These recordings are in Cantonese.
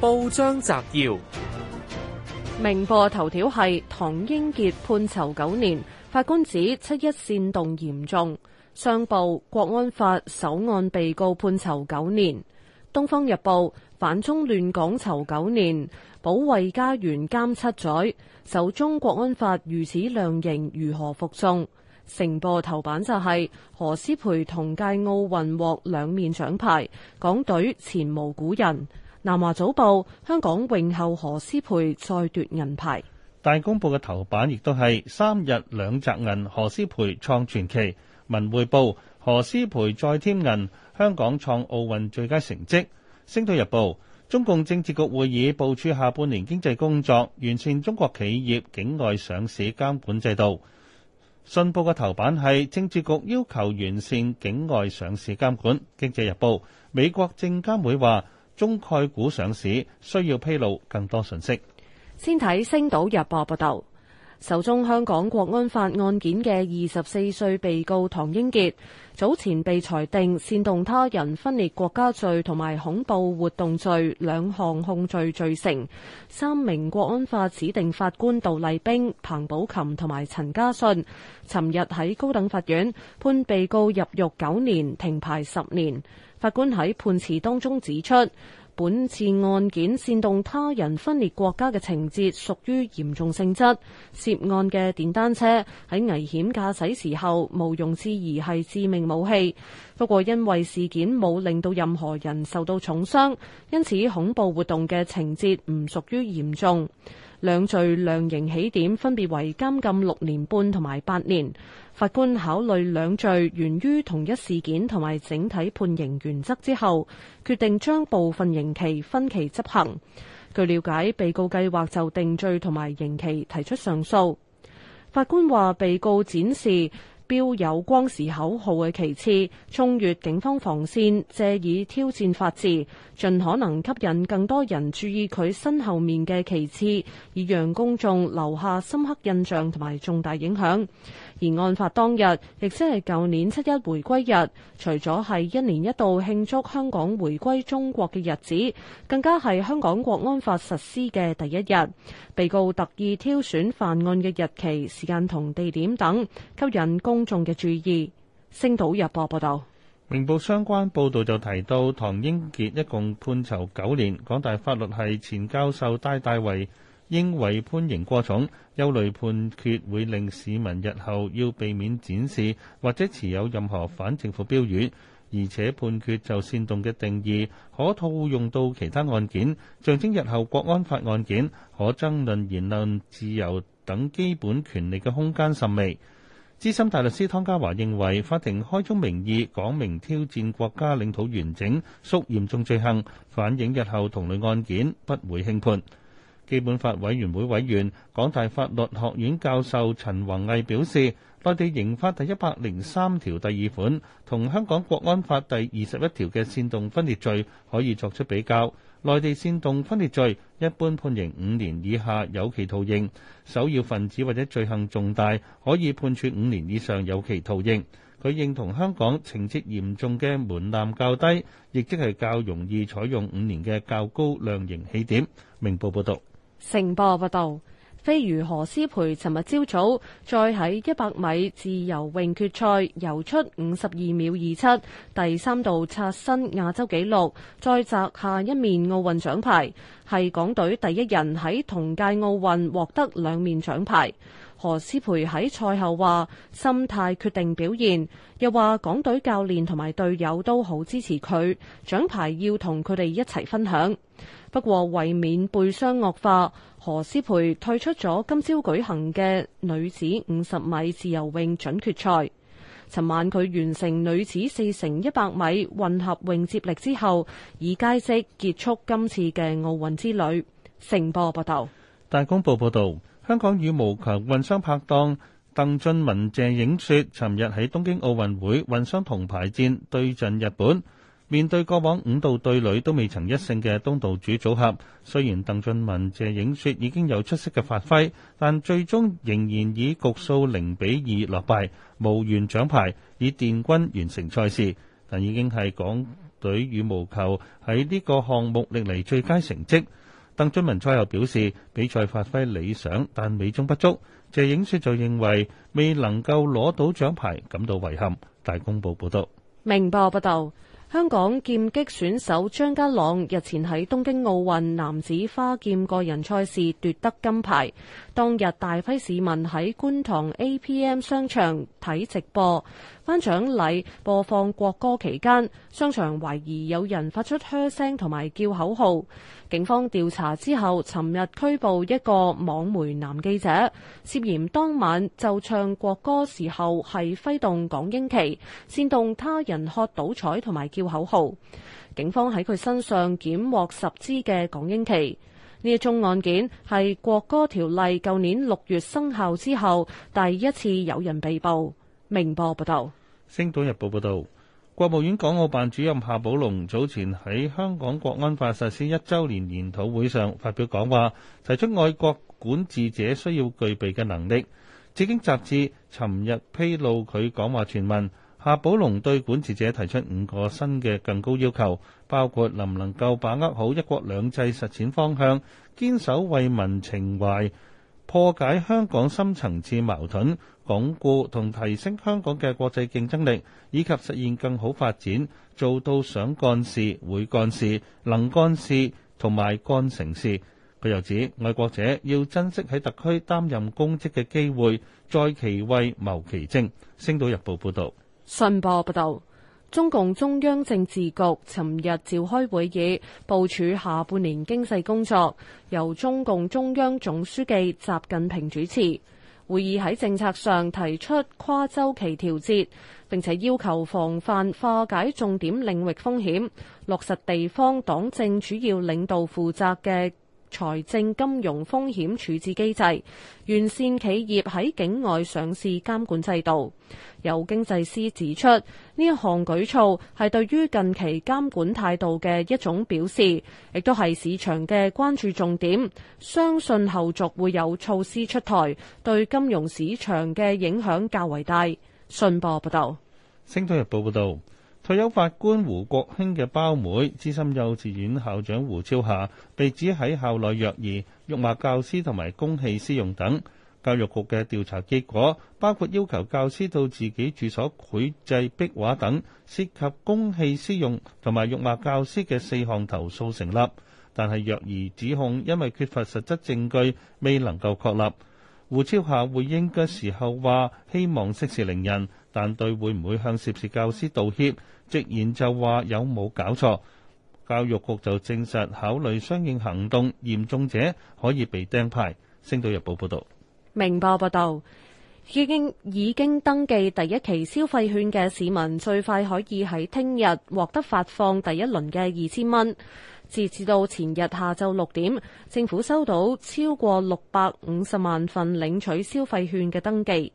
報章摘要：明報頭條係唐英傑判囚九年，法官指七一煽動嚴重。上報國安法首案被告判囚九年。東方日報反中亂港囚九年，保衛家園監七載。首中國安法如此量刑，如何服眾？成報頭版就係何詩蓓同屆奧運獲兩面獎牌，港隊前無古人。南華早報：香港泳后何詩蓓再奪銀牌。大公報嘅頭版亦都係三日兩摘銀，何詩蓓創傳奇。文匯報：何詩蓓再添銀，香港創奧運最佳成績。星島日報：中共政治局會議部署下半年經濟工作，完善中國企業境外上市監管制度。信報嘅頭版係政治局要求完善境外上市監管。經濟日報：美國證監會話。中概股上市需要披露更多信息。先睇《星島日報》報道，首宗香港國安法案件嘅二十四歲被告唐英傑，早前被裁定煽動他人分裂國家罪同埋恐怖活動罪兩項控罪罪成。三名國安法指定法官杜麗冰、彭寶琴同埋陳家信，尋日喺高等法院判被告入獄九年、停牌十年。法官喺判詞當中指出，本次案件煽動他人分裂國家嘅情節屬於嚴重性質。涉案嘅電單車喺危險駕駛時候，毋庸置疑係致命武器。不過，因為事件冇令到任何人受到重傷，因此恐怖活動嘅情節唔屬於嚴重。兩罪量刑起點分別為監禁六年半同埋八年。法官考慮兩罪源於同一事件同埋整體判刑原則之後，決定將部分刑期分期執行。據了解，被告計劃就定罪同埋刑期提出上訴。法官話：被告展示標有光時口號嘅旗幟，衝越警方防線，借以挑戰法治，盡可能吸引更多人注意佢身後面嘅旗幟，以讓公眾留下深刻印象同埋重大影響。而案發當日亦即係舊年七一回歸日，除咗係一年一度慶祝香港回歸中國嘅日子，更加係香港國安法實施嘅第一日。被告特意挑選犯案嘅日期、時間同地點等，吸引公眾嘅注意。星島日報報道：「明報相關報導就提到，唐英傑一共判囚九年，港大法律系前教授戴大為認為判刑過重，憂慮判決會令市民日後要避免展示或者持有任何反政府標語，而且判決就煽動嘅定義可套用到其他案件，象徵日後國安法案件可爭論言論自由等基本權利嘅空間甚微。資深大律師湯家驊認為，法庭開宗明義講明挑戰國家領土完整屬嚴重罪行，反映日後同類案件不會輕判。基本法委員會委員、港大法律學院教授陳宏毅表示，內地刑法第一百零三條第二款同香港國安法第二十一條嘅煽動分裂罪可以作出比較。內地煽動分裂罪一般判刑五年以下有期徒刑，首要分子或者罪行重大可以判處五年以上有期徒刑。佢認同香港情節嚴重嘅門檻較低，亦即係較容易採用五年嘅較高量刑起點。明報報道。成報》報道，飛魚何詩蓓尋日朝早再喺一百米自由泳決賽游出五十二秒二七，第三度刷新亞洲紀錄，再摘下一面奧運獎牌，係港隊第一人喺同屆奧運獲得兩面獎牌。何詩蓓喺賽後話：心態決定表現，又話港隊教練同埋隊友都好支持佢，獎牌要同佢哋一齊分享。不過，為免背傷惡化，何詩蓓退出咗今朝舉行嘅女子五十米自由泳準決賽。尋晚佢完成女子四乘一百米混合泳接力之後，以佳績結束今次嘅奧運之旅。成報報道。大公報報道，香港羽毛球混雙拍檔鄧俊文、謝影雪，尋日喺東京奧運會混雙銅牌戰對陣日本。面對過往五度對壘都未曾一勝嘅東道主組合，雖然鄧俊文、謝影雪已經有出色嘅發揮，但最終仍然以局數零比二落敗，無緣獎牌，以殿軍完成賽事。但已經係港隊羽毛球喺呢個項目歷嚟最佳成績。鄧俊文賽後表示，比賽發揮理想，但美中不足。謝影雪就認為未能夠攞到獎牌感到遺憾。大公報報道，明報報道。香港劍擊選手張家朗日前喺東京奧運男子花劍個人賽事奪得金牌。當日大批市民喺觀塘 APM 商場睇直播。頒獎禮播放國歌期間，商場懷疑有人發出噓聲同埋叫口號。警方調查之後，尋日拘捕一個網媒男記者，涉嫌當晚就唱國歌時候係揮動港英旗，煽動他人喝倒彩同埋叫口號。警方喺佢身上檢獲十支嘅港英旗。呢一宗案件係國歌條例舊年六月生效之後第一次有人被捕。明報報道。星島日報報導，國務院港澳辦主任夏寶龍早前喺香港國安法實施一週年研討會上發表講話，提出外國管治者需要具備嘅能力。《紫荊》雜誌尋日披露佢講話全文，夏寶龍對管治者提出五個新嘅更高要求，包括能唔能夠把握好一國兩制實踐方向，堅守為民情懷。破解香港深層次矛盾，鞏固同提升香港嘅國際競爭力，以及實現更好發展，做到想幹事、會幹事、能幹事同埋幹成事。佢又指，愛國者要珍惜喺特區擔任公職嘅機會，在其位謀其政。星島日報報導。信報報導。中共中央政治局尋日召開會議，部署下半年經濟工作，由中共中央總書記習近平主持。會議喺政策上提出跨週期調節，並且要求防範化解重點領域風險，落實地方黨政主要領導負責嘅財政金融風險處置機制，完善企業喺境外上市監管制度。有經濟師指出，呢一項舉措係對於近期監管態度嘅一種表示，亦都係市場嘅關注重點。相信後續會有措施出台，對金融市場嘅影響較為大。信報報道。《星島日報》報道。退休法官胡國興嘅胞妹，資深幼稚園校長胡超霞被指喺校內虐兒、辱罵教師同埋公器私用等，教育局嘅調查結果包括要求教師到自己住所繪製壁畫等涉及公器私用同埋辱罵教師嘅四項投訴成立，但係虐兒指控因為缺乏實質證據，未能夠確立。胡超霞回應嘅時候話，希望息事寧人，但對會唔會向涉事教師道歉，直言就話有冇搞錯。教育局就證實考慮相應行動，嚴重者可以被釘牌。星島日報報道。明報報道。已經已經登記第一期消費券嘅市民，最快可以喺聽日獲得發放第一輪嘅二千蚊。截至到前日下晝六點，政府收到超過六百五十萬份領取消費券嘅登記。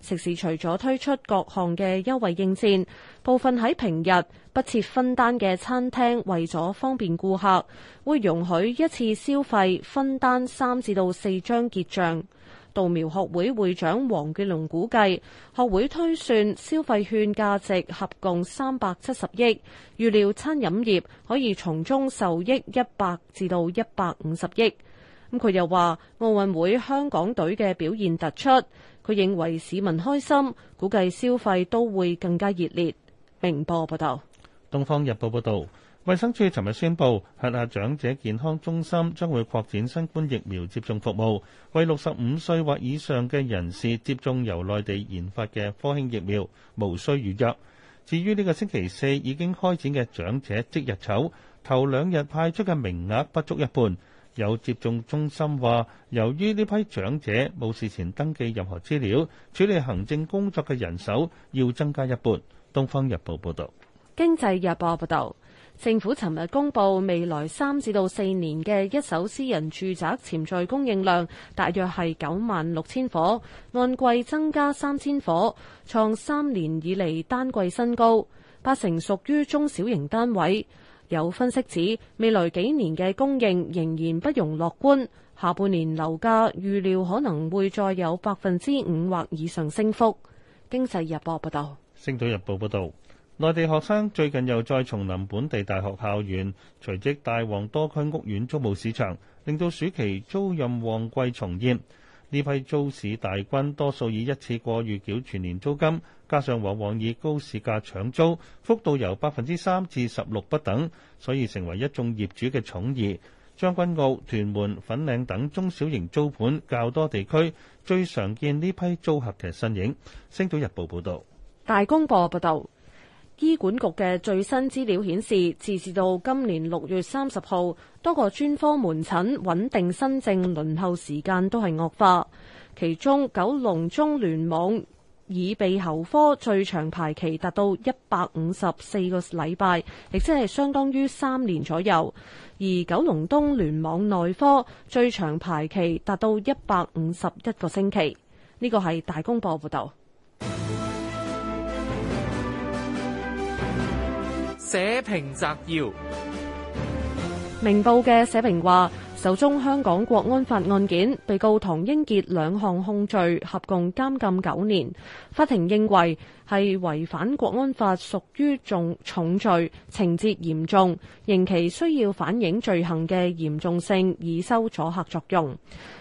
食肆除咗推出各項嘅優惠應戰，部分喺平日不設分單嘅餐廳，為咗方便顧客，會容許一次消費分單三至到四張結帳。稻苗學會會長黃傑龍估計，學會推算消費券價值合共三百七十億，預料餐飲業可以從中受益一百至到一百五十億。咁佢又話，奧運會香港隊嘅表現突出，佢認為市民開心，估計消費都會更加熱烈。明報報道。《東方日報》報道。衛生署尋日宣布，轄下長者健康中心將會擴展新冠疫苗接種服務，為六十五歲或以上嘅人士接種由內地研發嘅科興疫苗，無需預約。至於呢個星期四已經開展嘅長者即日籌，頭兩日派出嘅名額不足一半。有接種中心話，由於呢批長者冇事前登記任何資料，處理行政工作嘅人手要增加一半。《東方日報》報道。經濟日報報道。政府尋日公布未來三至到四年嘅一手私人住宅潛在供應量，大約係九萬六千伙，按季增加三千伙，創三年以嚟單季新高。八成屬於中小型單位。有分析指，未來幾年嘅供應仍然不容樂觀，下半年樓價預料可能會再有百分之五或以上升幅。經濟日報報導，星島日報報導。內地學生最近又再重臨本地大學校園，隨即帶旺多區屋苑租務市場，令到暑期租賃旺季重現。呢批租市大軍多數以一次過預繳全年租金，加上往往以高市價搶租，幅度由百分之三至十六不等，所以成為一眾業主嘅寵兒。將軍澳、屯門、粉嶺等中小型租盤較多地區，最常見呢批租客嘅身影。星島日報報道。大公報報導。醫管局嘅最新資料顯示，截至到今年六月三十號，多個專科門診穩定新症輪候時間都係惡化。其中，九龍中聯網耳鼻喉科最長排期達到一百五十四個禮拜，亦即係相當於三年左右。而九龍東聯網內科最長排期達到一百五十一個星期。呢個係大公報報導。社評摘要，明報嘅社評話。首宗香港國安法案件，被告唐英傑兩項控罪合共監禁九年。法庭認為係違反國安法，屬於重重罪，情節嚴重，刑期需要反映罪行嘅嚴重性，以收阻吓作用。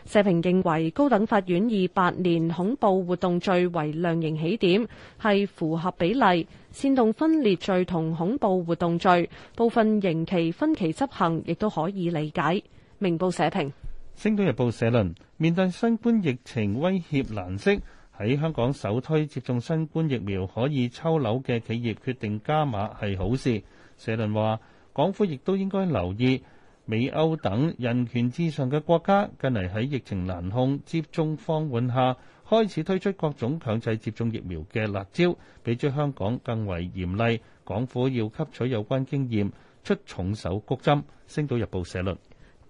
社評認為高等法院以八年恐怖活動罪為量刑起點，係符合比例，煽動分裂罪同恐怖活動罪部分刑期分期執行，亦都可以理解。明報社評，《星島日報》社論：面對新冠疫情威脅難息，喺香港首推接種新冠疫苗可以抽樓嘅企業決定加碼係好事。社論話，港府亦都應該留意美歐等人權至上嘅國家近嚟喺疫情難控、接種放緩下開始推出各種強制接種疫苗嘅辣招比咗香港更為嚴厲。港府要吸取有關經驗，出重手谷針。《星島日報》社論。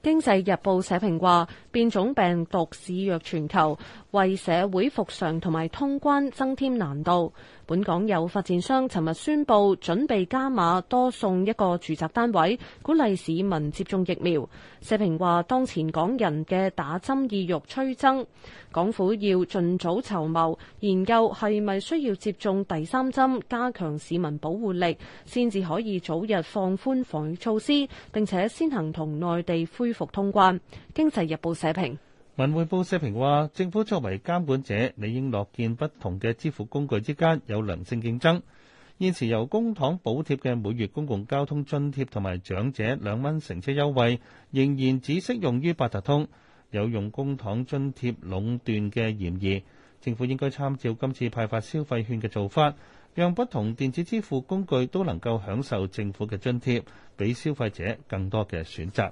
《經濟日報》社評話：變種病毒肆虐全球，為社會復常同埋通關增添難度。本港有發展商尋日宣布準備加碼多送一個住宅單位，鼓勵市民接種疫苗。社評話：當前港人嘅打針意欲趨增，港府要盡早籌謀，研究係咪需要接種第三針，加強市民保護力，先至可以早日放寬防疫措施。並且先行同內地恢復復通關，《經濟日報》社評。《文匯報》社評話，政府作為監管者，理應樂見不同嘅支付工具之間有良性競爭。現時由公帑補貼嘅每月公共交通津貼同埋長者兩蚊乘車優惠，仍然只適用於八達通，有用公帑津貼壟斷嘅嫌疑。政府應該參照今次派發消費券嘅做法，讓不同電子支付工具都能夠享受政府嘅津貼，俾消費者更多嘅選擇。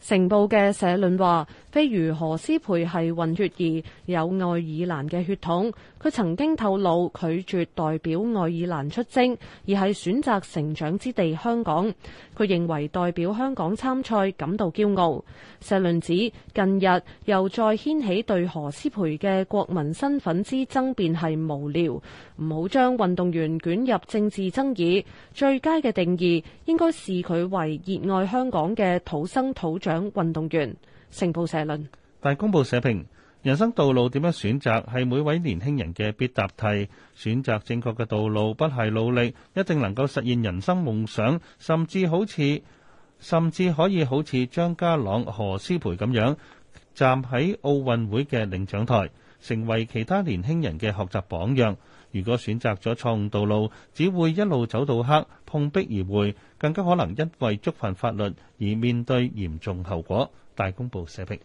成部嘅社論話：非如何斯培係混血兒，有愛爾蘭嘅血統。佢曾經透露拒絕代表愛爾蘭出征，而係選擇成長之地香港。佢認為代表香港參賽感到驕傲。社論指近日又再掀起對何斯培嘅國民身份之爭，辯係無聊，唔好將運動員捲入政治爭議。最佳嘅定義應該視佢為熱愛香港嘅土生土。獎運動員成報社論，但係公報社評，人生道路點樣選擇係每位年輕人嘅必答題。選擇正確嘅道路，不係努力一定能夠實現人生夢想，甚至好似甚至可以好似張家朗何詩蓓咁樣站喺奧運會嘅領獎台，成為其他年輕人嘅學習榜樣。如果選擇咗錯誤道路，只會一路走到黑，碰壁而回，更加可能因為觸犯法律而面對嚴重後果。大公報社評。